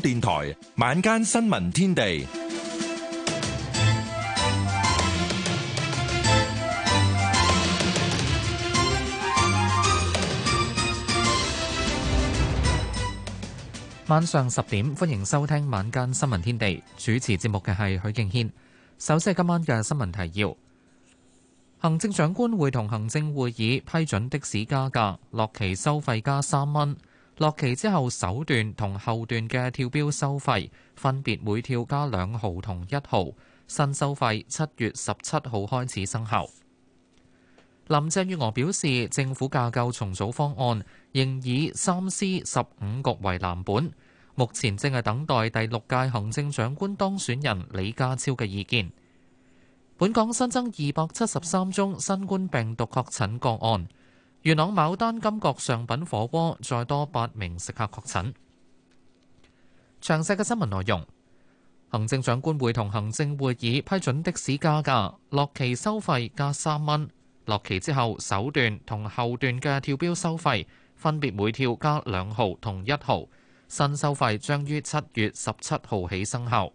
電台晚間新聞天地，晚上十點，歡迎收聽晚間新聞天地。主持節目嘅係許敬軒。首先係今晚嘅新聞提要：行政長官會同行政會議批准的士加價，落旗收費加三蚊。落旗之後，首段同後段嘅跳標收費分別每跳加兩毫同一毫，新收費七月十七號開始生效。林鄭月娥表示，政府架構重組方案仍以三司十五局為藍本，目前正係等待第六屆行政長官當選人李家超嘅意見。本港新增二百七十三宗新冠病毒確診個案。元朗牡丹金閣上品火鍋再多八名食客確診。詳細嘅新聞內容，行政長官會同行政會議批准的士加價，落旗收費加三蚊，落旗之後首段同後段嘅跳錶收費分別每跳加兩毫同一毫，新收費將於七月十七號起生效。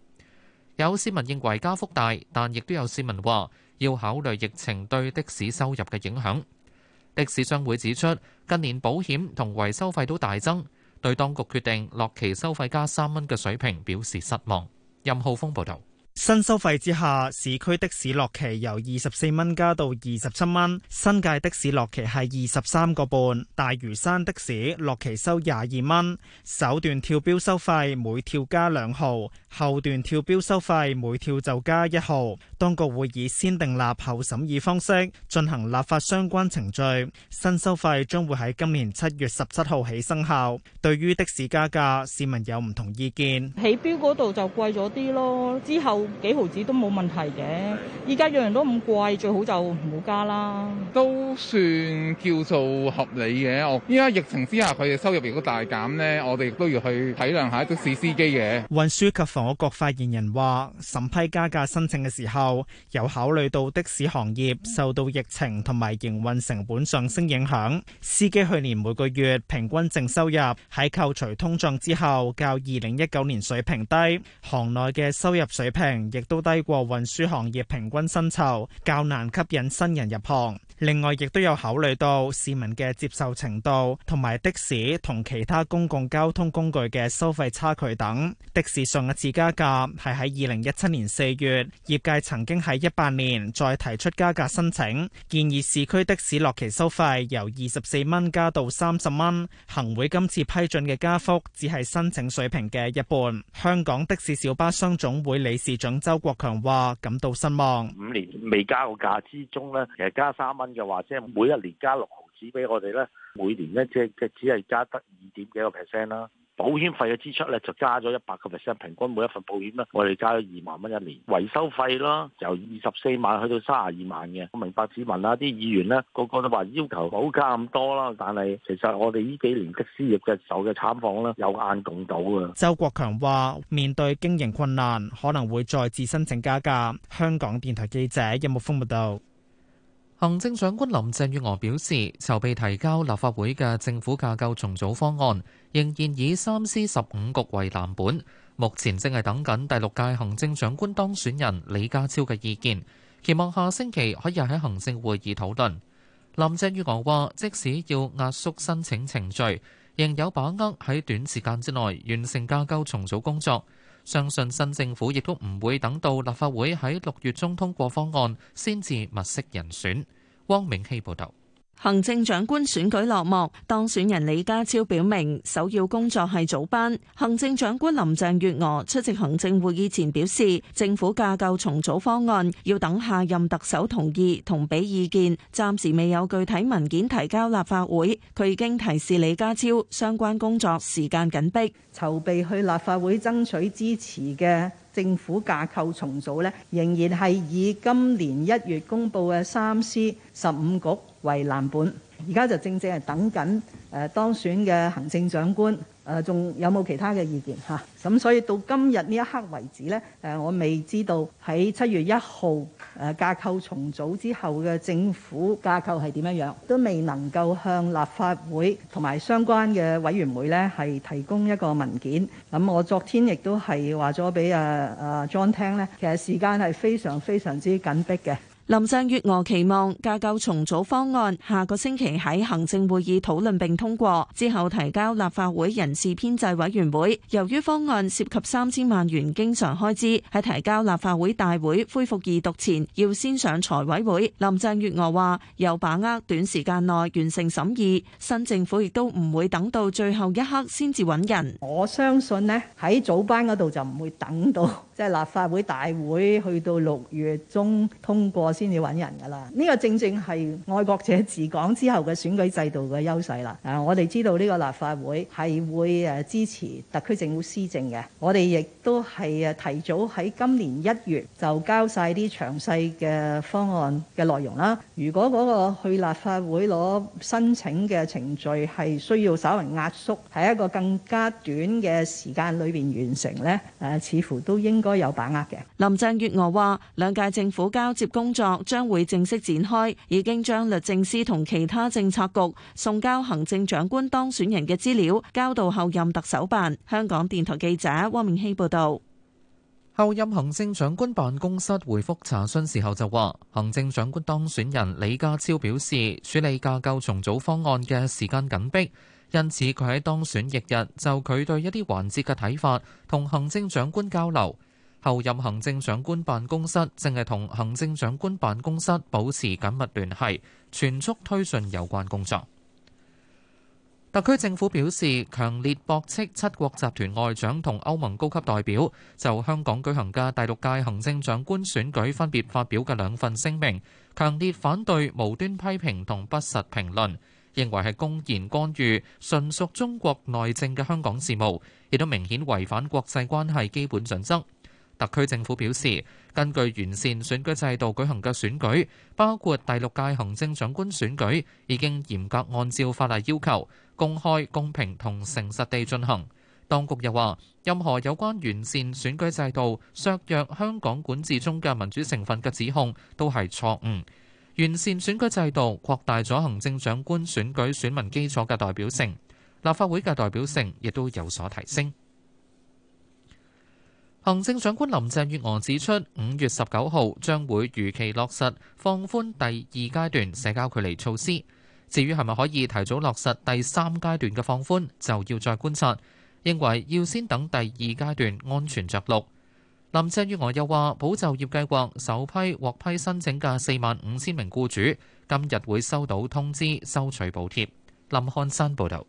有市民認為加幅大，但亦都有市民話要考慮疫情對的士收入嘅影響。的士商會指出，近年保險同維修費都大增，對當局決定落旗收費加三蚊嘅水平表示失望。任浩峰報導。新收費之下，市區的士落旗由二十四蚊加到二十七蚊，新界的士落旗係二十三個半，大嶼山的士落旗收廿二蚊。首段跳標收費每跳加兩毫，後段跳標收費每跳就加一毫。當局會以先訂立後審議方式進行立法相關程序，新收費將會喺今年七月十七號起生效。對於的士加價，市民有唔同意見，起標嗰度就貴咗啲咯，之後。幾毫子都冇問題嘅，依家樣樣都咁貴，最好就唔好加啦。都算叫做合理嘅。依家疫情之下，佢哋收入亦都大減咧，我哋亦都要去體諒下的士司機嘅。運輸 及房屋局發言人話，審批加價申請嘅時候，有考慮到的士行業受到疫情同埋營運成本上升影響，司機去年每個月平均淨收入喺扣除通脹之後較二零一九年水平低，行內嘅收入水平，亦都低過運輸行業平均薪酬，較難吸引新人入行。另外，亦都有考慮到市民嘅接受程度，同埋的士同其他公共交通工具嘅收費差距等。的士上一次加價係喺二零一七年四月，業界曾經喺一八年再提出加價申請，建議市區的士落旗收費由二十四蚊加到三十蚊。行會今次批准嘅加幅只係申請水平嘅一半。香港的士小巴商總會理事長。等周國強話感到失望，五年未加過價之中咧，其實加三蚊嘅話，即係每一年加六毫紙俾我哋咧，每年咧即係即係只係加得二點幾個 percent 啦。保險費嘅支出咧就加咗一百個 percent，平均每一份保險咧，我哋加咗二萬蚊一年。維修費啦，由二十四萬去到三十二萬嘅。我明白市民啦、啊、啲議員呢，個個都話要求好加咁多啦，但係其實我哋呢幾年的士業嘅受嘅慘況咧有眼共睹啊。周國強話：面對經營困難，可能會再次申請加價。香港電台記者任木峯報道。行政長官林鄭月娥表示，籌備提交立法會嘅政府架構重組方案，仍然以三司十五局為藍本。目前正係等緊第六屆行政長官當選人李家超嘅意見，期望下星期可以喺行政會議討論。林鄭月娥話，即使要壓縮申請程序，仍有把握喺短時間之內完成架構重組工作。相信新政府亦都唔會等到立法會喺六月中通過方案先至物色人選。汪明熙報導。行政長官選舉落幕，當選人李家超表明首要工作係早班。行政長官林鄭月娥出席行政會議前表示，政府架構重組方案要等下任特首同意同俾意見，暫時未有具體文件提交立法會。佢已經提示李家超相關工作時間緊迫，籌備去立法會爭取支持嘅政府架構重組呢，仍然係以今年一月公布嘅三司十五局。為藍本，而家就正正係等緊誒當選嘅行政長官。誒仲有冇其他嘅意見嚇？咁、啊、所以到今日呢一刻為止呢，誒我未知道喺七月一號誒架構重組之後嘅政府架構係點樣樣，都未能夠向立法會同埋相關嘅委員會呢係提供一個文件。咁我昨天亦都係話咗俾啊啊莊聽呢，其實時間係非常非常之緊迫嘅。林鄭月娥期望架構重組方案下個星期喺行政會議討論，並通過，之後提交立法會人事編制委員會。由於方案涉及三千萬元經常開支，喺提交立法會大會恢復二讀前，要先上財委會。林鄭月娥話有把握短時間內完成審議，新政府亦都唔會等到最後一刻先至搵人。我相信呢，喺早班嗰度就唔會等到。即係立法會大會去到六月中通過先至揾人㗎啦。呢個正正係愛國者治港之後嘅選舉制度嘅優勢啦。啊，我哋知道呢個立法會係會誒支持特區政府施政嘅。我哋亦都係誒提早喺今年一月就交晒啲詳細嘅方案嘅內容啦。如果嗰個去立法會攞申請嘅程序係需要稍為壓縮，喺一個更加短嘅時間裏邊完成咧，誒、啊、似乎都應該有把握嘅。林鄭月娥話：兩屆政府交接工作將會正式展開，已經將律政司同其他政策局送交行政長官當選人嘅資料交到候任特首辦。香港電台記者汪明熙報導。候任行政長官辦公室回覆查詢時候就話：行政長官當選人李家超表示，處理架構重組方案嘅時間緊迫，因此佢喺當選翌日就佢對一啲環節嘅睇法同行政長官交流。後任行政長官辦公室正係同行政長官辦公室保持緊密聯繫，全速推進有關工作。特區政府表示，強烈駁斥七國集團外長同歐盟高級代表就香港舉行嘅第六屆行政長官選舉分別發表嘅兩份聲明，強烈反對無端批評同不實評論，認為係公然干預，純屬中國內政嘅香港事務，亦都明顯違反國際關係基本準則。特區政府表示，根據完善選舉制度舉行嘅選舉，包括第六屆行政長官選舉，已經嚴格按照法例要求，公開、公平同誠實地進行。當局又話，任何有關完善選舉制度削弱香港管治中嘅民主成分嘅指控，都係錯誤。完善選舉制度擴大咗行政長官選舉選民基礎嘅代表性，立法會嘅代表性亦都有所提升。行政長官林鄭月娥指出，五月十九號將會如期落實放寬第二階段社交距離措施。至於係咪可以提早落實第三階段嘅放寬，就要再觀察。認為要先等第二階段安全着陸。林鄭月娥又話，保就業計劃首批獲批申請嘅四萬五千名雇主，今日會收到通知收取補貼。林漢山報導。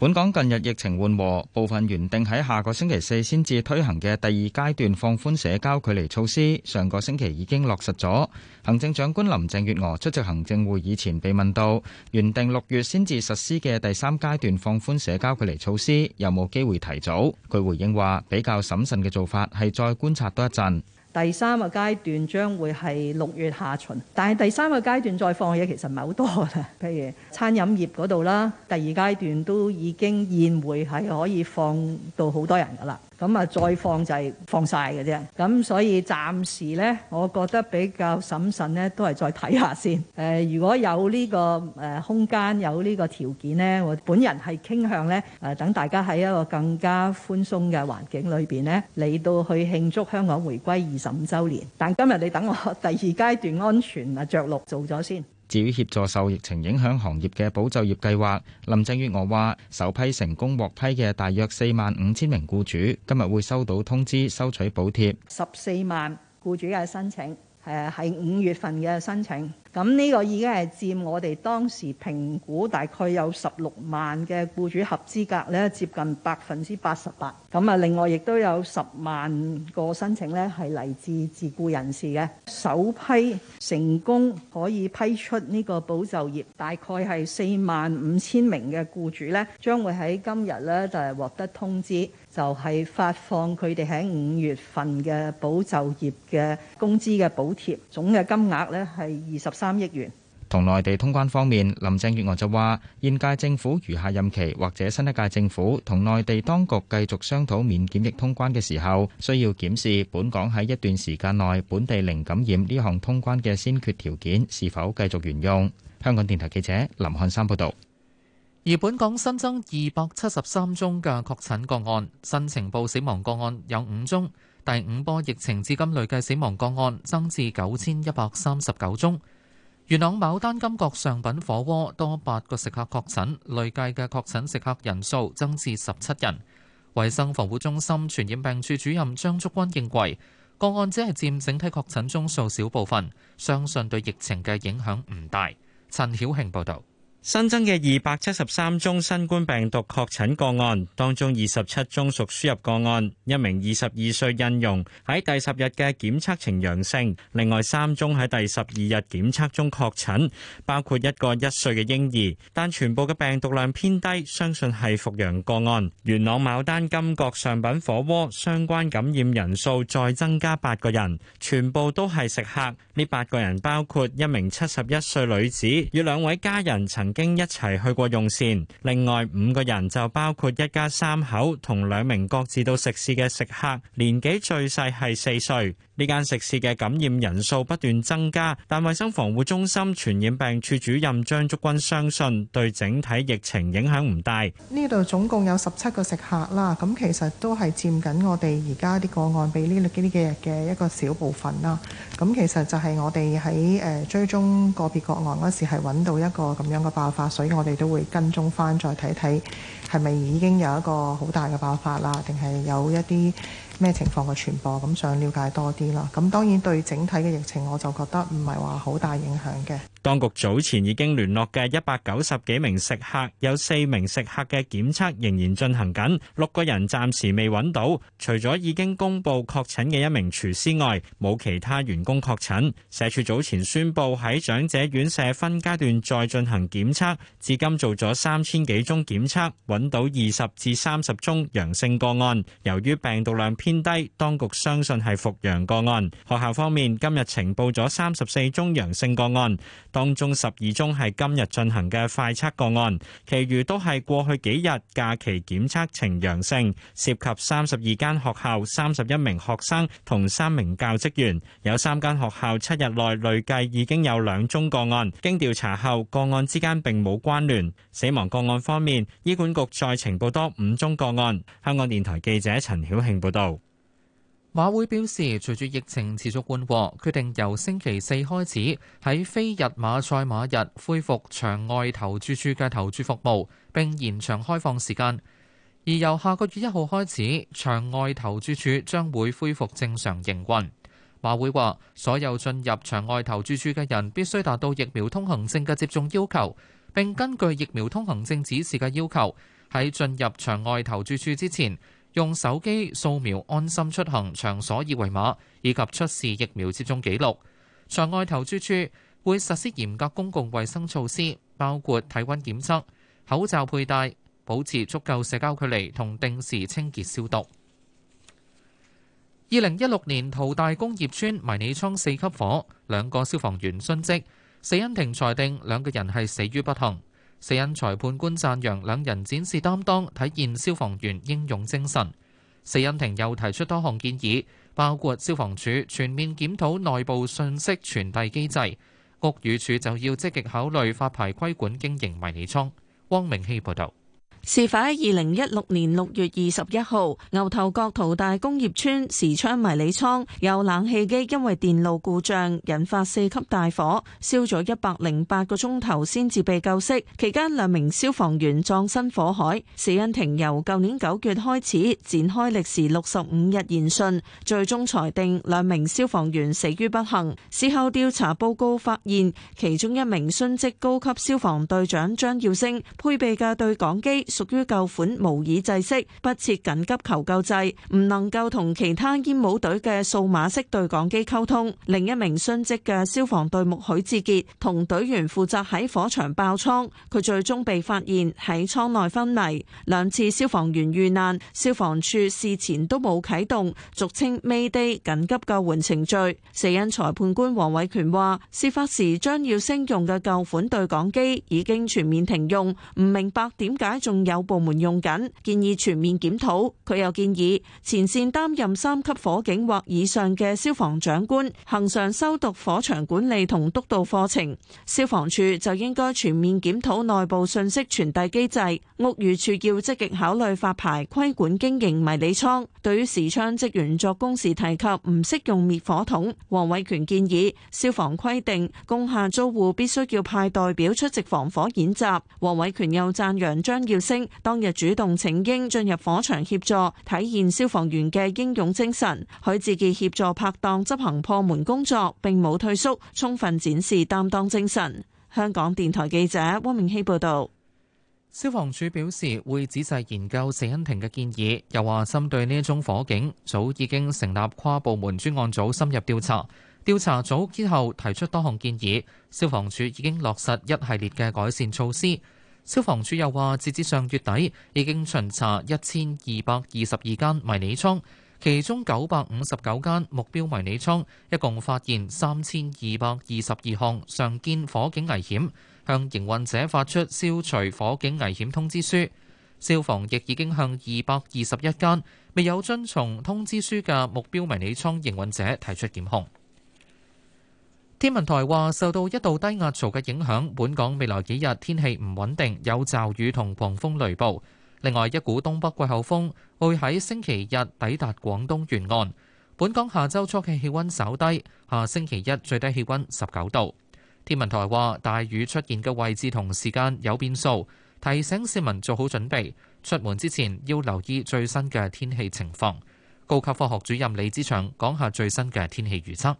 本港近日疫情緩和，部分原定喺下個星期四先至推行嘅第二階段放寬社交距離措施，上個星期已經落實咗。行政長官林鄭月娥出席行政會議前被問到，原定六月先至實施嘅第三階段放寬社交距離措施有冇機會提早？佢回應話，比較審慎嘅做法係再觀察多一陣。第三個階段將會係六月下旬，但係第三個階段再放嘅嘢其實唔係好多噶啦，譬如餐飲業嗰度啦，第二階段都已經宴會係可以放到好多人噶啦。咁啊，再放就係放晒嘅啫。咁所以暫時呢，我覺得比較審慎呢，都係再睇下先。誒、呃，如果有呢個誒空間，有呢個條件呢，我本人係傾向呢，誒、呃、等大家喺一個更加寬鬆嘅環境裏邊呢，嚟到去慶祝香港回歸二十五週年。但今日你等我第二階段安全啊著陸做咗先。至於協助受疫情影響行業嘅保就業計劃，林鄭月娥話：首批成功獲批嘅大約四萬五千名僱主今日會收到通知收取補貼。十四萬僱主嘅申請。誒係五月份嘅申請，咁呢個已經係佔我哋當時評估大概有十六萬嘅雇主合資格咧，接近百分之八十八。咁啊，另外亦都有十萬個申請咧係嚟自自雇人士嘅。首批成功可以批出呢個保就業，大概係四萬五千名嘅雇主咧，將會喺今日咧就係獲得通知。就係發放佢哋喺五月份嘅保就業嘅工資嘅補貼，總嘅金額咧係二十三億元。同內地通關方面，林鄭月娥就話：現屆政府餘下任期或者新一屆政府同內地當局繼續商討免檢疫通關嘅時候，需要檢視本港喺一段時間內本地零感染呢項通關嘅先決條件是否繼續沿用。香港電台記者林漢山報道。而本港新增二百七十三宗嘅確診個案，新情報死亡個案有五宗。第五波疫情至今累計死亡個案增至九千一百三十九宗。元朗牡丹金閣上品火鍋多八個食客確診，累計嘅確診食客人數增至十七人。衛生防護中心傳染病處主任張竹君認為，個案只係佔整體確診宗數小部分，相信對疫情嘅影響唔大。陳曉慶報道。新增嘅二百七十三宗新冠病毒確診個案，當中二十七宗屬輸入個案，一名二十二歲印傭喺第十日嘅檢測呈陽性，另外三宗喺第十二日檢測中確診，包括一個一歲嘅嬰兒，但全部嘅病毒量偏低，相信係復陽個案。元朗牡丹金閣上品火鍋相關感染人數再增加八個人，全部都係食客。呢八個人包括一名七十一歲女子與兩位家人曾曾經一齊去過用膳，另外五個人就包括一家三口同兩名各自到食肆嘅食客，年紀最細係四歲。呢間食肆嘅感染人數不斷增加，但衞生防護中心傳染病處主任張竹君相信對整體疫情影響唔大。呢度總共有十七個食客啦，咁其實都係佔緊我哋而家啲個案，比呢呢幾日嘅一個小部分啦。咁其實就係我哋喺誒追蹤個別個案嗰時，係揾到一個咁樣嘅爆發，所以我哋都會跟蹤返，再睇睇係咪已經有一個好大嘅爆發啦，定係有一啲。咩情況嘅傳播，噉想了解多啲喇，噉當然對整體嘅疫情，我就覺得唔係話好大影響嘅。當局早前已經聯絡嘅一百九十幾名食客，有四名食客嘅檢測仍然進行緊，六個人暫時未揾到。除咗已經公布確診嘅一名廚師外，冇其他員工確診。社署早前宣布喺長者院舍分階段再進行檢測，至今做咗三千幾宗檢測，揾到二十至三十宗陽性個案。由於病毒量偏低，當局相信係復陽個案。學校方面今日呈報咗三十四宗陽性個案。當中十二宗係今日進行嘅快測個案，其餘都係過去幾日假期檢測呈陽性，涉及三十二間學校，三十一名學生同三名教職員，有三間學校七日內累計已經有兩宗個案。經調查後，個案之間並冇關聯。死亡個案方面，醫管局再呈報多五宗個案。香港電台記者陳曉慶報導。馬會表示，隨住疫情持續緩和，決定由星期四開始喺非日馬賽馬日恢復場外投注處嘅投注服務，並延長開放時間。而由下個月一號開始，場外投注處將會恢復正常營運。馬會話：所有進入場外投注處嘅人必須達到疫苗通行證嘅接種要求，並根據疫苗通行證指示嘅要求喺進入場外投注處之前，用手機掃描安心出行場所二維碼，以及出示疫苗接種記錄。場外投注處會實施嚴格公共衛生措施，包括體溫檢測、口罩佩戴、保持足夠社交距離同定時清潔消毒。二零一六年淘大工業村迷你倉四級火，兩個消防員殉職，死因庭裁定兩個人係死於不幸。死因裁判官讚揚兩人展示擔當，體現消防員英勇精神。死因庭又提出多項建議，包括消防處全面檢討內部信息傳遞機制，屋宇署就要積極考慮發牌規管經營迷你倉。汪明熙報導。事發喺二零一六年六月二十一號，牛頭角淘大工業村時昌迷你倉有冷氣機因為電路故障引發四級大火，燒咗一百零八個鐘頭先至被救熄。期間兩名消防員葬身火海，死因庭由舊年九月開始展開歷時六十五日研訊，最終裁定兩名消防員死於不幸。事後調查報告發現，其中一名殉職高級消防隊長張耀升配備嘅對講機。屬於舊款模擬制式，不設緊急求救制，唔能夠同其他煙帽隊嘅數碼式對講機溝通。另一名殉職嘅消防隊目許志傑，同隊員負責喺火場爆倉，佢最終被發現喺倉內昏迷。兩次消防員遇難，消防處事前都冇啟動俗稱 Mayday 緊急救援程序。死因裁判官黃偉權話，事發時將要升用嘅舊款對講機已經全面停用，唔明白點解仲。有部門用緊，建議全面檢討。佢又建議前線擔任三級火警或以上嘅消防長官，恆常修讀火場管理同督導課程。消防處就應該全面檢討內部信息傳遞機制。屋宇署要積極考慮發牌規管經營迷你倉。對於時槍職員作工時提及唔識用滅火筒，黃偉權建議消防規定工廈租戶必須要派代表出席防火演習。黃偉權又讚揚張耀。稱當日主動請纓進入火場協助，體現消防員嘅英勇精神。許志杰協助拍檔執行破門工作，並冇退縮，充分展示擔當精神。香港電台記者汪明熙報道。消防處表示會仔細研究謝恩婷嘅建議，又話針對呢種火警，早已經成立跨部門專案組深入調查。調查組之後提出多項建議，消防處已經落實一系列嘅改善措施。消防處又話，截至上月底，已經巡查一千二百二十二間迷你倉，其中九百五十九間目標迷你倉，一共發現三千二百二十二項常見火警危險，向營運者發出消除火警危險通知書。消防亦已經向二百二十一間未有遵從通知書嘅目標迷你倉營運者提出檢控。天文台話，受到一道低壓槽嘅影響，本港未來幾日天氣唔穩定，有驟雨同狂風雷暴。另外，一股東北季候風會喺星期日抵達廣東沿岸。本港下周初嘅氣温稍低，下星期一最低氣温十九度。天文台話，大雨出現嘅位置同時間有變數，提醒市民做好準備。出門之前要留意最新嘅天氣情況。高級科學主任李志祥講下最新嘅天氣預測。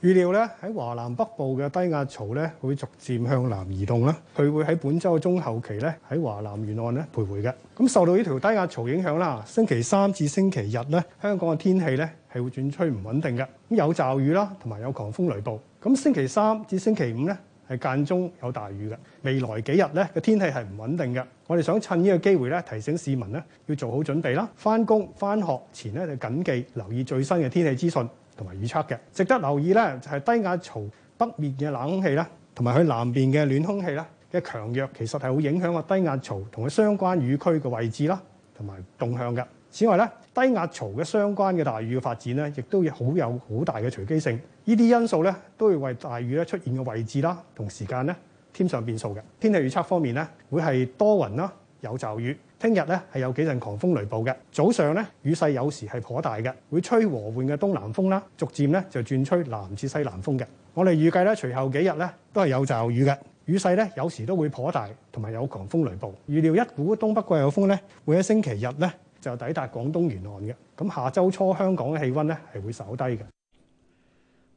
預料咧喺華南北部嘅低壓槽咧會逐漸向南移動啦，佢會喺本週中後期咧喺華南沿岸咧徘徊嘅。咁受到呢條低壓槽影響啦，星期三至星期日咧香港嘅天氣咧係會轉趨唔穩定嘅，咁有驟雨啦，同埋有狂風雷暴。咁星期三至星期五咧係間中有大雨嘅。未來幾日咧嘅天氣係唔穩定嘅，我哋想趁呢個機會咧提醒市民咧要做好準備啦，翻工翻學前咧就緊記留意最新嘅天氣資訊。同埋預測嘅，值得留意咧，就係低壓槽北面嘅冷空氣啦，同埋佢南邊嘅暖空氣咧嘅強弱，其實係好影響個低壓槽同佢相關雨區嘅位置啦，同埋動向嘅。此外咧，低壓槽嘅相關嘅大雨嘅發展咧，亦都好有好大嘅隨機性，呢啲因素咧都會為大雨咧出現嘅位置啦同時間咧添上變數嘅。天氣預測方面咧，會係多雲啦，有驟雨。聽日咧係有幾陣狂風雷暴嘅，早上咧雨勢有時係頗大嘅，會吹和緩嘅東南風啦，逐漸咧就轉吹南至西南風嘅。我哋預計咧，隨後幾日咧都係有驟雨嘅，雨勢咧有時都會頗大，同埋有，有狂風雷暴。預料一股東北季候風咧，會喺星期日咧就抵達廣東沿岸嘅。咁下週初香港嘅氣温咧係會稍低嘅。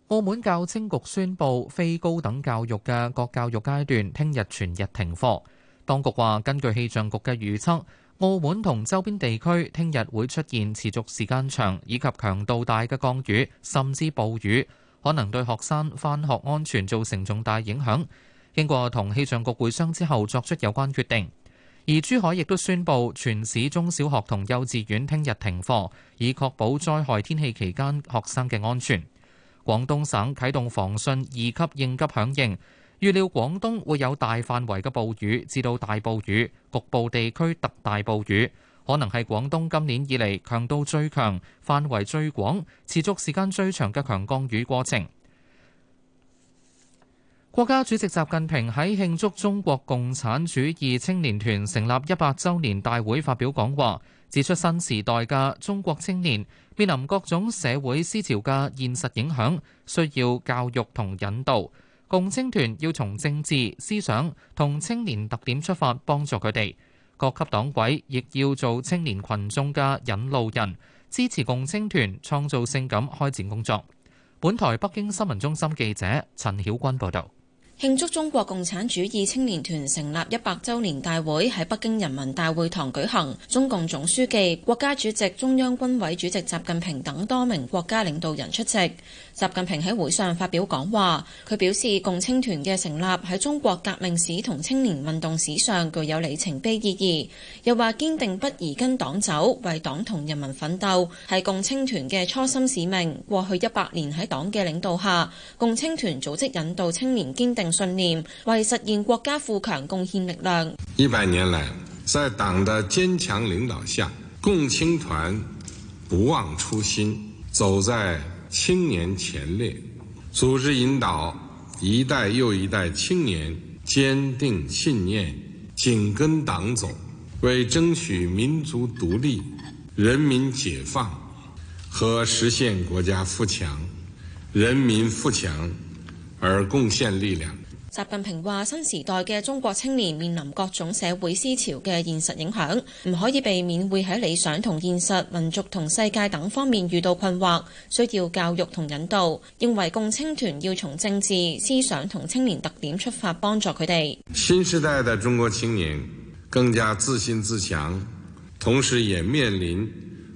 澳門教青局宣布，非高等教育嘅各教育階段，聽日全日停課。當局話，根據氣象局嘅預測，澳門同周邊地區聽日會出現持續時間長以及強度大嘅降雨，甚至暴雨，可能對學生返學安全造成重大影響。經過同氣象局會商之後，作出有關決定。而珠海亦都宣布全市中小學同幼稚園聽日停課，以確保災害天氣期間學生嘅安全。廣東省啟動防汛二級應急響應。預料廣東會有大範圍嘅暴雨，至到大暴雨，局部地區特大暴雨，可能係廣東今年以嚟強度最強、範圍最廣、持續時間最長嘅強降雨過程。國家主席習近平喺慶祝中國共產主義青年團成立一百週年大會發表講話，指出新時代嘅中國青年面臨各種社會思潮嘅現實影響，需要教育同引導。共青團要從政治思想同青年特點出發，幫助佢哋。各級黨委亦要做青年群眾嘅引路人，支持共青團創造性咁開展工作。本台北京新聞中心記者陳曉君報道。慶祝中國共產主義青年團成立一百周年大會喺北京人民大會堂舉行，中共總書記、國家主席、中央軍委主席習近平等多名國家領導人出席。習近平喺會上發表講話，佢表示，共青團嘅成立喺中國革命史同青年運動史上具有里程碑意義，又話堅定不移跟黨走，為黨同人民奮鬥，係共青團嘅初心使命。過去一百年喺黨嘅領導下，共青團組織引導青年堅定。信念，為實現國家富強貢獻力量。一百年來，在黨的堅強領導下，共青團不忘初心，走在青年前列，組織引導一代又一代青年堅定信念，緊跟黨走，為爭取民族獨立、人民解放和實現國家富強、人民富強而貢獻力量。習近平話，新時代嘅中國青年面臨各種社會思潮嘅現實影響，唔可以避免會喺理想同現實、民族同世界等方面遇到困惑，需要教育同引導，認為共青團要從政治、思想同青年特點出發幫助佢哋。新時代嘅中國青年更加自信自強，同時也面臨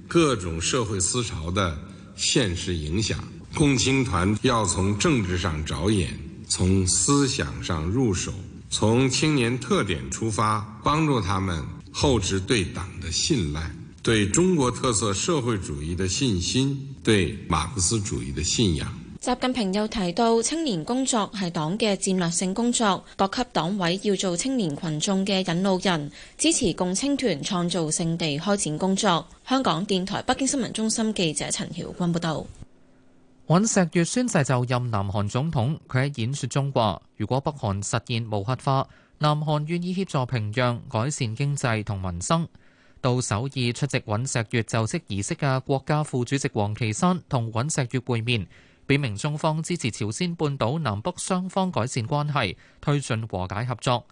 各種社會思潮的現實影響，共青團要從政治上着眼。從思想上入手，從青年特點出發，幫助他們厚植對黨的信賴、對中國特色社會主義的信心、對馬克思主義的信仰。習近平又提到，青年工作係黨嘅戰略性工作，各級黨委要做青年群眾嘅引路人，支持共青團創造性地開展工作。香港電台北京新聞中心記者陳曉君報道。尹錫悅宣誓就任南韓總統，佢喺演說中話，如果北韓實現無核化，南韓願意協助平壤改善經濟同民生。到首爾出席尹錫悅就職儀式嘅國家副主席王岐山同尹錫悅會面，表明中方支持朝鮮半島南北雙方改善關係，推進和解合作。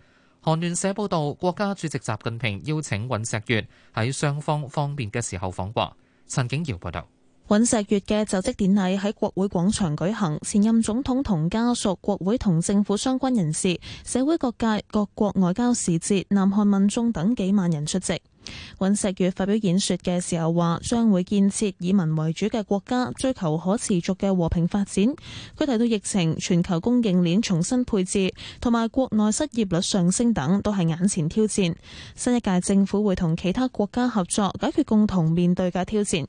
韓聯社報道，國家主席習近平邀請尹錫悅喺雙方方便嘅時候訪華，陳景瑤報道。尹錫悅嘅就職典禮喺國會廣場舉行，前任總統同家屬、國會同政府相關人士、社會各界、各國外交使節、南韓民眾等幾萬人出席。尹錫悅發表演說嘅時候話，將會建設以民為主嘅國家，追求可持續嘅和平發展。佢提到疫情、全球供應鏈重新配置，同埋國內失業率上升等都係眼前挑戰。新一屆政府會同其他國家合作，解決共同面對嘅挑戰。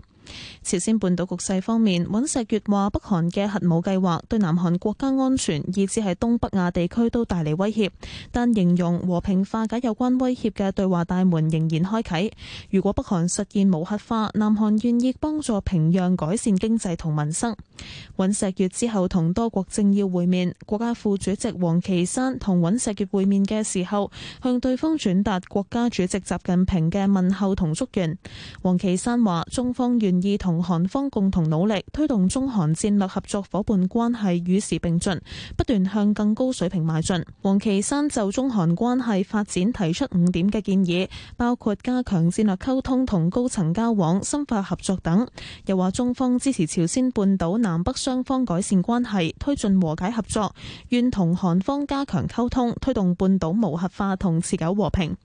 朝鮮半島局勢方面，尹石月話北韓嘅核武計劃對南韓國家安全，以至係東北亞地區都帶嚟威脅，但形容和平化解有關威脅嘅對話大門仍然開啟。如果北韓實現無核化，南韓願意幫助平壤改善經濟同民生。尹石月之後同多國政要會面，國家副主席王岐山同尹石月會面嘅時候，向對方轉達國家主席習近平嘅問候同祝願。王岐山話中方願。願意同韓方共同努力，推動中韓戰略合作伙伴關係與時並進，不斷向更高水平邁進。王岐山就中韓關係發展提出五點嘅建議，包括加強戰略溝通同高層交往、深化合作等。又話中方支持朝鮮半島南北雙方改善關係，推進和解合作，願同韓方加強溝通，推動半島無核化同持久和平。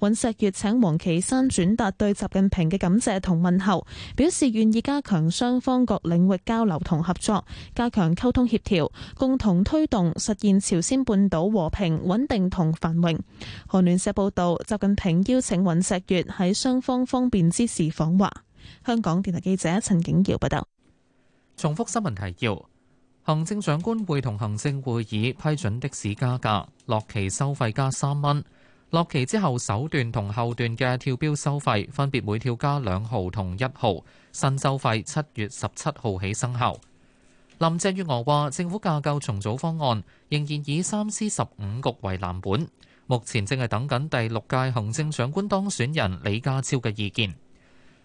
尹錫悅請王岐山轉達對習近平嘅感謝同問候，表示願意加強雙方各領域交流同合作，加強溝通協調，共同推動實現朝鮮半島和平穩定同繁榮。韓聯社報道，習近平邀請尹錫悅喺雙方方便之時訪華。香港電台記者陳景瑤報道。重複新聞提要：行政長官會同行政會議批准的士加價，落旗收費加三蚊。落旗之後，首段同後段嘅跳標收費分別每跳加兩毫同一毫。新收費七月十七號起生效。林鄭月娥話：政府架構重組方案仍然以三司十五局為藍本，目前正係等緊第六屆行政長官當選人李家超嘅意見。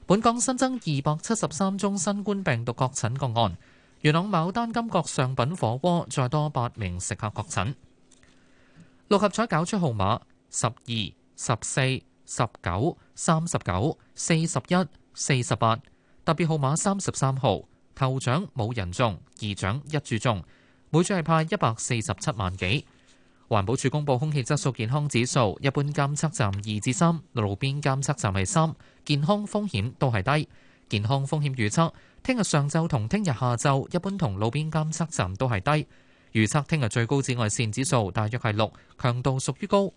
本港新增二百七十三宗新冠病毒確診個案，元朗牡丹金閣上品火鍋再多八名食客確診。六合彩攪出號碼。十二、十四、十九、三十九、四十一、四十八，特別號碼三十三號，頭獎冇人中，二獎一注中，每注係派一百四十七萬幾。環保署公布空氣質素健康指數，一般監測站二至三，路邊監測站係三，健康風險都係低。健康風險預測聽日上晝同聽日下晝一般同路邊監測站都係低，預測聽日最高紫外線指數大約係六，強度屬於高。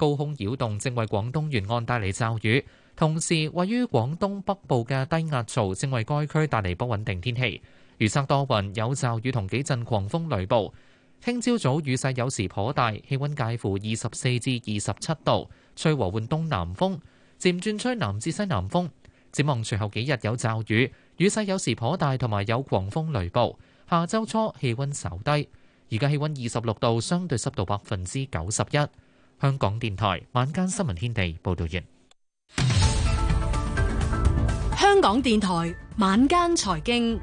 高空擾動正為廣東沿岸帶嚟驟雨，同時位於廣東北部嘅低壓槽正為該區帶嚟不穩定天氣。預測多雲，有驟雨同幾陣狂風雷暴。聽朝早雨勢有時頗大，氣溫介乎二十四至二十七度，吹和緩東南風，漸轉吹南至西南風。展望隨後幾日有驟雨，雨勢有時頗大，同埋有狂風雷暴。下周初氣溫稍低，而家氣溫二十六度，相對濕度百分之九十一。香港電台晚間新聞天地報道員。香港電台晚間財經，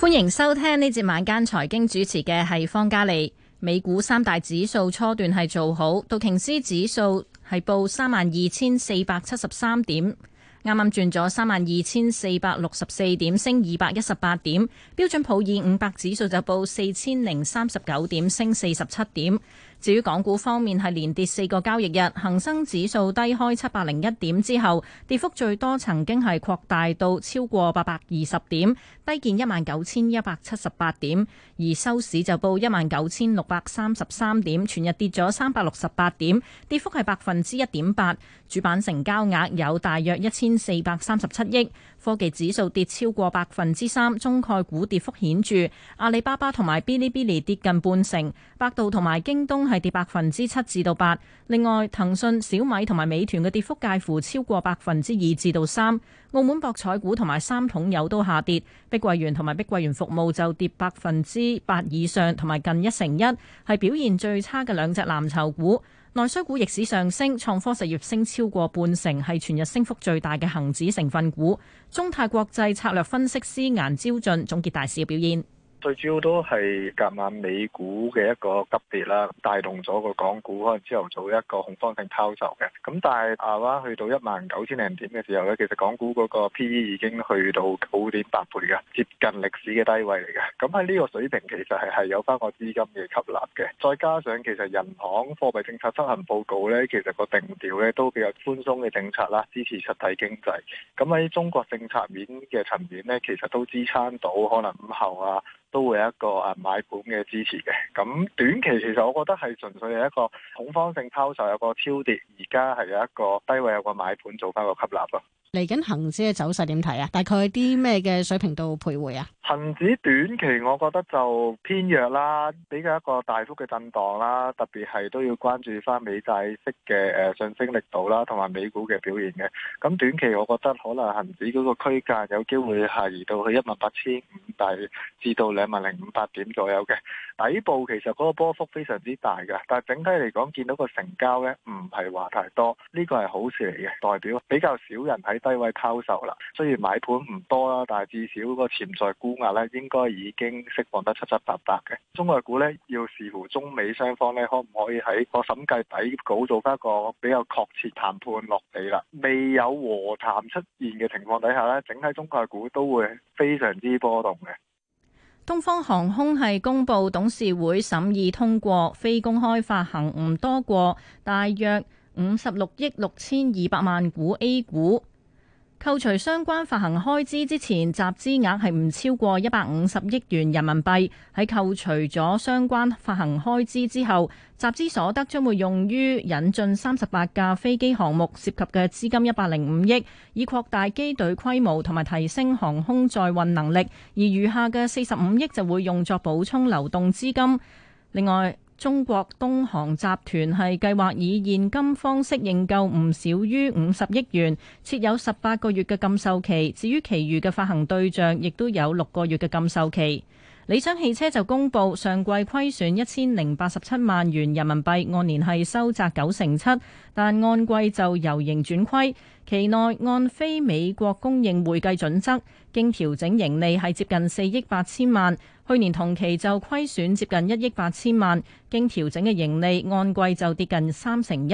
歡迎收聽呢節晚間財經，主持嘅係方嘉利。美股三大指數初段係做好，道瓊斯指數係報三萬二千四百七十三點。啱啱轉咗三萬二千四百六十四點，升二百一十八點。標準普爾五百指數就報四千零三十九點，升四十七點。至於港股方面，係連跌四個交易日，恒生指數低開七百零一點之後，跌幅最多曾經係擴大到超過八百二十點，低見一萬九千一百七十八點，而收市就報一萬九千六百三十三點，全日跌咗三百六十八點，跌幅係百分之一點八。主板成交額有大約一千四百三十七億，科技指數跌超過百分之三，中概股跌幅顯著，阿里巴巴同埋 Bilibili 跌近半成，百度同埋京東係係跌百分之七至到八。另外，騰訊、小米同埋美團嘅跌幅介乎超過百分之二至到三。澳門博彩股同埋三桶油都下跌。碧桂園同埋碧桂園服務就跌百分之八以上，同埋近一成一，係表現最差嘅兩隻藍籌股。內需股逆市上升，創科實業升超過半成，係全日升幅最大嘅恒指成分股。中泰國際策略分析師顏招俊總結大市嘅表現。最主要都係隔晚美股嘅一個急跌啦，帶動咗個港股可能朝頭早一個恐慌性拋售嘅。咁但係亞灣去到一萬九千零點嘅時候咧，其實港股嗰個 P/E 已經去到九點八倍嘅，接近歷史嘅低位嚟嘅。咁喺呢個水平其實係係有返個資金嘅吸納嘅。再加上其實銀行貨幣政策執行報告咧，其實個定調咧都比較寬鬆嘅政策啦，支持實體經濟。咁喺中國政策面嘅層面咧，其實都支撐到可能午後啊，都會有一個誒買盤嘅支持嘅，咁短期其實我覺得係純粹係一個恐慌性拋售，有個超跌，而家係有一個低位有個買盤做返個吸納咯。嚟緊恒指嘅走勢點睇啊？大概啲咩嘅水平度徘徊啊？恒指短期我覺得就偏弱啦，比較一個大幅嘅震盪啦，特別係都要關注翻美債息嘅誒、呃、上升力度啦，同埋美股嘅表現嘅。咁短期我覺得可能恒指嗰個區間有機會下移到去一萬八千五，低至到兩萬零五百點左右嘅底部。其實嗰個波幅非常之大嘅，但係整體嚟講見到個成交咧唔係話太多，呢、呢個係好事嚟嘅，代表比較少人喺。低位拋售啦，雖然買盤唔多啦，但係至少個潛在沽壓咧，應該已經釋放得七七八八嘅。中概股咧，要視乎中美雙方咧，可唔可以喺個審計底稿做翻一個比較確切談判落地啦？未有和談出現嘅情況底下咧，整體中概股都會非常之波動嘅。東方航空係公布董事會審議通過非公開發行唔多過大約五十六億六千二百萬股 A 股。扣除相關發行開支之前，集資額係唔超過一百五十億元人民幣，喺扣除咗相關發行開支之後，集資所得將會用於引進三十八架飛機項目涉及嘅資金一百零五億，以擴大機隊規模同埋提升航空載運能力，而餘下嘅四十五億就會用作補充流動資金。另外，中國東航集團係計劃以現金方式認購唔少於五十億元，設有十八個月嘅禁售期；至於其餘嘅發行對象，亦都有六個月嘅禁售期。理想汽車就公布上季虧損一千零八十七萬元人民幣，按年係收窄九成七，但按季就由盈轉虧。期內按非美國公認會計準則，經調整盈利係接近四億八千萬，去年同期就虧損接近一億八千萬，經調整嘅盈利按季就跌近三成一。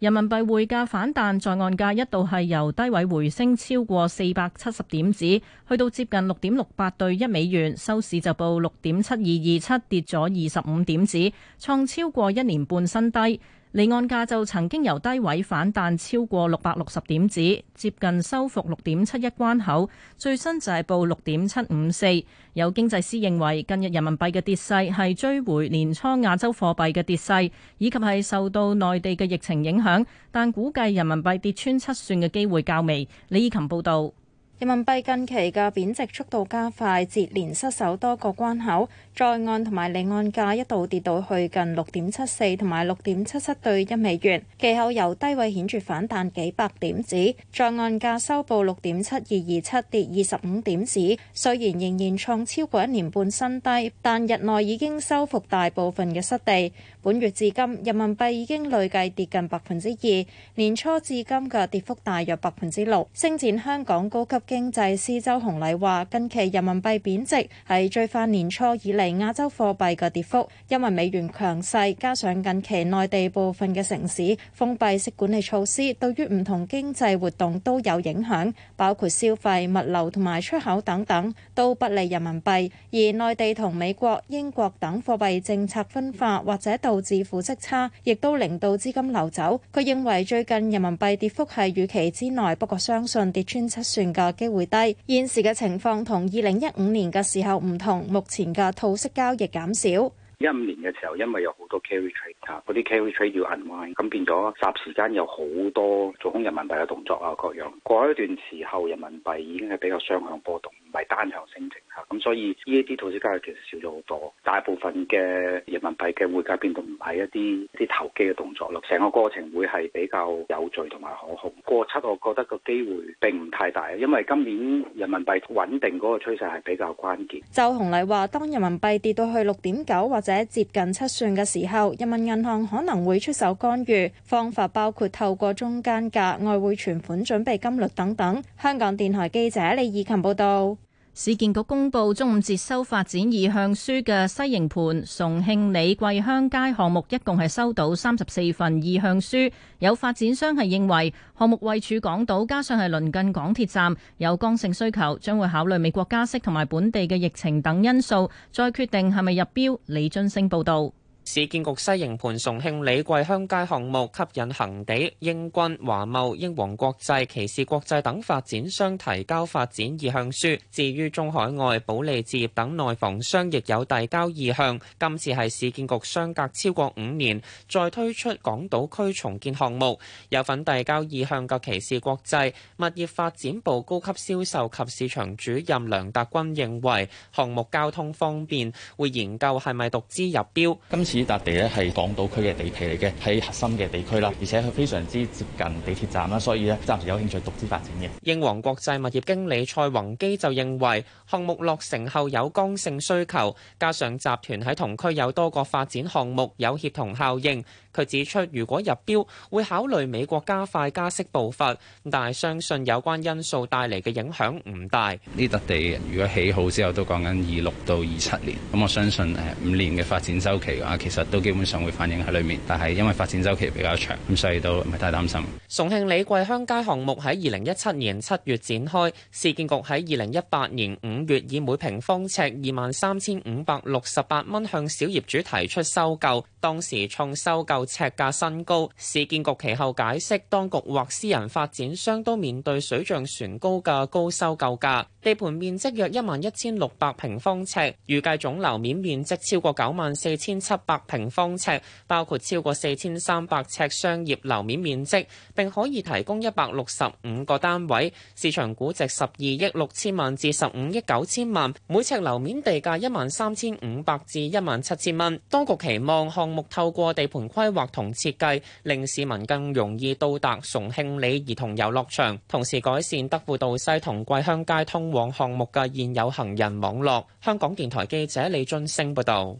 人民幣匯價反彈，在岸價一度係由低位回升超過四百七十點子，去到接近六點六八對一美元，收市就報六點七二二七，跌咗二十五點子，創超過一年半新低。離岸價就曾經由低位反彈超過六百六十點子，接近收復六點七一關口，最新就係報六點七五四。有經濟師認為，近日人民幣嘅跌勢係追回年初亞洲貨幣嘅跌勢，以及係受到內地嘅疫情影響，但估計人民幣跌穿七算嘅機會較微。李以琴報導。人民幣近期嘅貶值速度加快，接連失守多個關口。在岸同埋離岸價一度跌到去近六點七四同埋六點七七對一美元。其後由低位顯著反彈幾百點子，在岸價收報六點七二二七，跌二十五點子。雖然仍然創超過一年半新低，但日內已經收復大部分嘅失地。本月至今，人民幣已經累計跌近百分之二，年初至今嘅跌幅大約百分之六。升展香港高級。經濟師周洪禮話：近期人民幣貶值係最快年初以嚟亞洲貨幣嘅跌幅，因為美元強勢，加上近期內地部分嘅城市封閉式管理措施，對於唔同經濟活動都有影響，包括消費、物流同埋出口等等都不利人民幣。而內地同美國、英國等貨幣政策分化或者導致負息差，亦都令到資金流走。佢認為最近人民幣跌幅係預期之內，不過相信跌穿七算嘅。機會低，現時嘅情況同二零一五年嘅時候唔同。目前嘅套息交易減少。一五年嘅時候，因為有好多 carry trade 啊，嗰啲 carry trade 要 unwind，咁變咗霎時間有好多做空人民幣嘅動作啊，各樣。過一段時候，人民幣已經係比較雙向波動。唔係單向升值嚇，咁所以呢一啲套息交易其實少咗好多，大部分嘅人民幣嘅匯價變動唔係一啲啲投機嘅動作，落成個過程會，係比較有序同埋可控。過七，我覺得個機會並唔太大，因為今年人民幣穩定嗰個趨勢係比較關鍵。周紅麗話，當人民幣跌到去六點九或者接近七算嘅時候，人民銀行可能會出手干預，方法包括透過中間價、外匯存款準備金率等等。香港電台記者李以琴報道。市建局公布中午接收發展意向書嘅西營盤崇慶里桂香街項目，一共係收到三十四份意向書。有發展商係認為項目位處港島，加上係鄰近港鐵站，有剛性需求，將會考慮美國加息同埋本地嘅疫情等因素，再決定係咪入標，李津升報道。市建局西營盤崇慶里桂香街項目吸引恆地、英軍、華懋、英皇國際、其士國際等發展商提交發展意向書。至於中海外、保利置業等內房商亦有遞交意向。今次係市建局相隔超過五年再推出港島區重建項目。有份遞交意向嘅其士國際物業發展部高級銷售及市場主任梁達君認為，項目交通方便，會研究係咪獨資入標。今次 呢笪地咧係港島區嘅地皮嚟嘅，喺核心嘅地區啦，而且佢非常之接近地鐵站啦，所以呢，暫時有興趣獨資發展嘅。英皇國際物業經理蔡宏基就認為，項目落成後有剛性需求，加上集團喺同區有多個發展項目，有協同效應。佢指出，如果入標，會考慮美國加快加息步伐，但係相信有關因素帶嚟嘅影響唔大。呢笪地如果起好之後，都講緊二六到二七年，咁我相信誒五年嘅發展周期嘅話，其實都基本上會反映喺裡面。但係因為發展周期比較長，咁所以都唔係太擔心。崇慶里桂香街項目喺二零一七年七月展開，市建局喺二零一八年五月以每平方尺二萬三千五百六十八蚊向小業主提出收購，當時創收購。尺價新高，市建局其後解釋，當局或私人發展商都面對水漲船高嘅高收購價。地盤面積約一萬一千六百平方尺，預計總樓面面積超過九萬四千七百平方尺，包括超過四千三百尺商業樓面面積，並可以提供一百六十五個單位。市場估值十二億六千萬至十五億九千萬，每尺樓面地價一萬三千五百至一萬七千蚊。當局期望項目透過地盤規劃。同設計令市民更容易到達崇慶里兒童遊樂場，同時改善德輔道西同桂香街通往項目嘅現有行人網絡。香港電台記者李津升報導。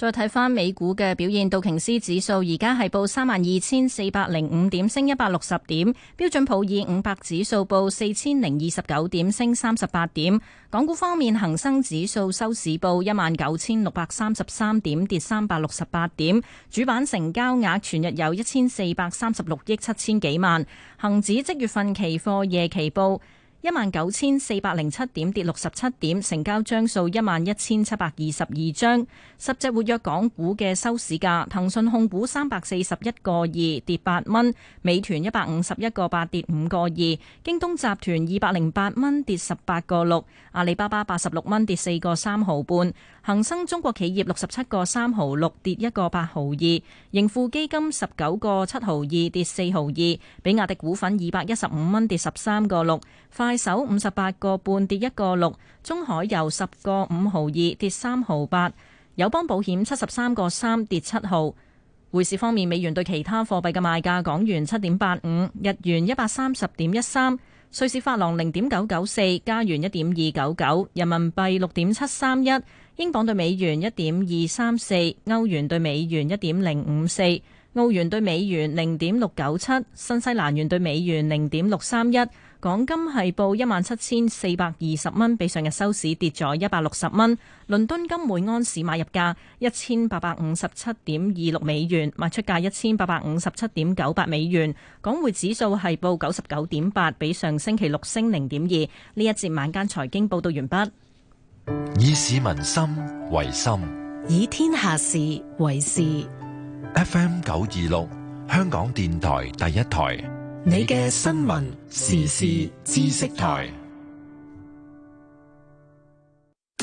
再睇翻美股嘅表現，道瓊斯指數而家係報三萬二千四百零五點，升一百六十點；標準普爾五百指數報四千零二十九點，升三十八點。港股方面，恒生指數收市報一萬九千六百三十三點，跌三百六十八點。主板成交額全日有一千四百三十六億七千幾萬。恒指即月份期貨夜期報一萬九千四百零七點，跌六十七點，成交張數一萬一千七百二十二張。十隻活躍港股嘅收市價：騰訊控股三百四十一個二跌八蚊，美團一百五十一個八跌五個二，京東集團二百零八蚊跌十八個六，阿里巴巴八十六蚊跌四個三毫半，恒生中國企業六十七個三毫六跌一個八毫二，盈富基金十九個七毫二跌四毫二，比亞迪股份二百一十五蚊跌十三個六，快手五十八個半跌一個六，中海油十個五毫二跌三毫八，友邦保險七十三個三跌七毫。匯市方面，美元對其他貨幣嘅賣價：港元七點八五，日元一百三十點一三，瑞士法郎零點九九四，加元一點二九九，人民幣六點七三一，英鎊兌美元一點二三四，歐元兌美元一點零五四，澳元兌美元零點六九七，新西蘭元兌美元零點六三一。港金係報一萬七千四百二十蚊，比上日收市跌咗一百六十蚊。倫敦金每安士買入價一千八百五十七點二六美元，賣出價一千八百五十七點九八美元。港匯指數係報九十九點八，比上星期六升零點二。呢一節晚間財經報道完畢。以市民心為心，以天下事為事。FM 九二六，香港電台第一台。你嘅新聞時事知識台。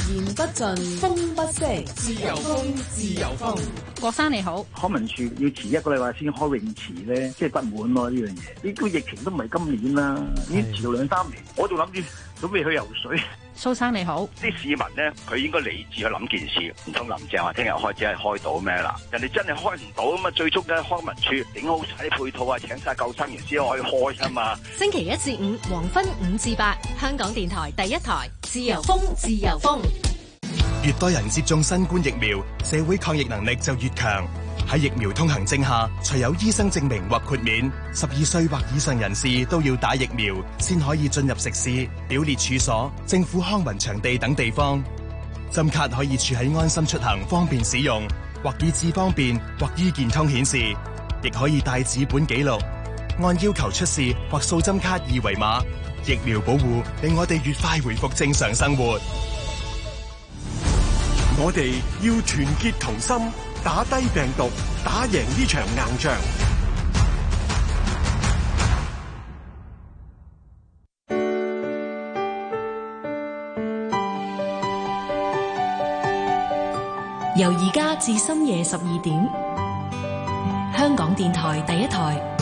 言不盡，風不息，自由風，自由風。郭生你好，康文署要遲一個禮拜先開泳池咧，即係不滿咯呢樣嘢。呢個疫情都唔係今年啦，是已經遲到兩三年。我仲諗住準備去游水。蘇生你好，啲市民咧，佢應該理智去諗件事，唔通林鄭話聽日開始係開到咩啦？人哋真係開唔到吖嘛？最終咧，康文署整好晒啲配套啊，請晒救生員先可以開噶嘛。星期一至五，黃昏五至八，香港電台第一台。自由風，自由風。越多人接種新冠疫苗，社會抗疫能力就越強。喺疫苗通行證下，除有醫生證明或豁免，十二歲或以上人士都要打疫苗，先可以進入食肆、表列處所、政府康文場地等地方。針卡可以儲喺安心出行，方便使用，或以智方便，或醫健通顯示，亦可以帶紙本記錄，按要求出示或掃針卡二維碼。疫苗保護令我哋越快回復正常生活。我哋要團結同心，打低病毒，打贏呢場硬仗。由而家至深夜十二點，香港電台第一台。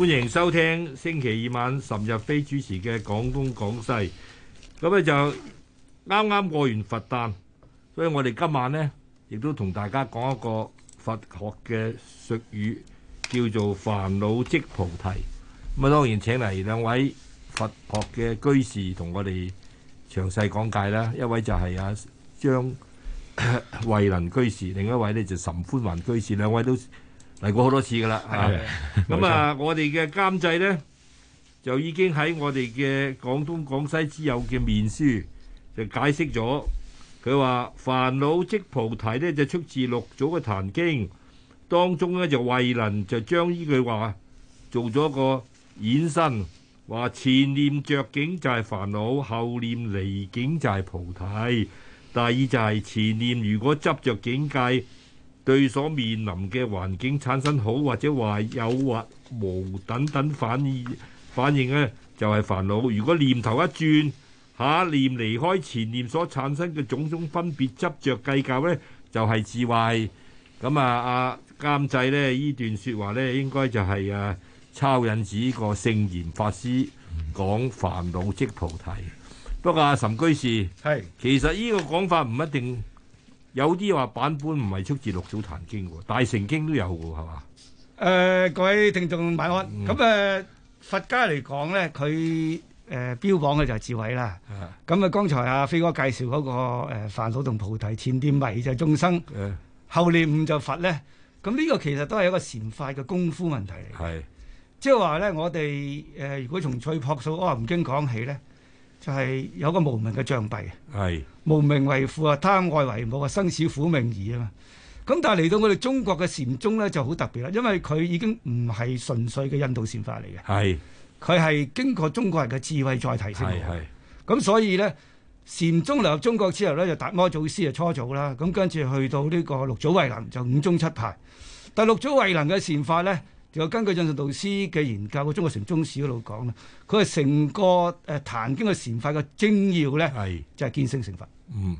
歡迎收聽星期二晚岑日飛主持嘅《講東講西》。咁呢就啱啱過完佛誕，所以我哋今晚呢亦都同大家講一個佛學嘅術語，叫做煩惱即菩提。咁啊，當然請嚟兩位佛學嘅居士同我哋詳細講解啦。一位就係阿張慧能居士，另一位呢就岑歡雲居士，兩位都。嚟過好多次噶啦，咁啊，我哋嘅監製呢，就已經喺我哋嘅廣東廣西之友嘅面書就解釋咗。佢話煩惱即菩提呢，就出自六祖嘅《壇經》當中呢，就慧能就將呢句話做咗個衍生，話前念着境就係煩惱，後念離境就係菩提。第二就係前念如果執着境界，對所面臨嘅環境產生好或者壞、有或無等等反應，反應呢就係、是、煩惱。如果念頭一轉，下、啊、念離開前念所產生嘅種種分別執着計較呢就係智慧。咁啊，阿、啊、監製呢呢段説話呢應該就係啊，抄引子個聖賢法師講煩惱即菩提。不過阿、啊、岑居士，係是其實呢個講法唔一定。有啲話版本唔係出自六祖壇經喎，大乘經都有嘅，係嘛？誒、呃，各位聽眾晚安。咁誒、嗯嗯，佛家嚟講咧，佢誒、呃、標榜嘅就係智慧啦。咁、嗯、啊，剛才阿飛哥介紹嗰、那個誒煩惱同菩提，前念迷就眾生，嗯、後念悟就佛咧。咁呢個其實都係一個禪法嘅功夫問題嚟、嗯嗯、即係話咧，我哋誒、呃、如果從最樸素嘅《吳經起呢》講起咧。就係有個無名嘅障蔽，是無名為父啊，貪愛為母啊，生死苦命兒啊嘛。咁但係嚟到我哋中國嘅禪宗咧，就好特別啦，因為佢已經唔係純粹嘅印度禪法嚟嘅，佢係是經過中國人嘅智慧再提升。咁是所以咧，禪宗流入中國之後咧，就達摩祖師啊，初祖啦，咁跟住去到呢個六祖慧能，就五宗七派。但係六祖慧能嘅禪法咧。仲有根據印度導師嘅研究，個《中國成宗史》嗰度講啦，佢係成個誒《壇經禪呢》嘅禪法嘅精要咧，就係見性成佛。嗯。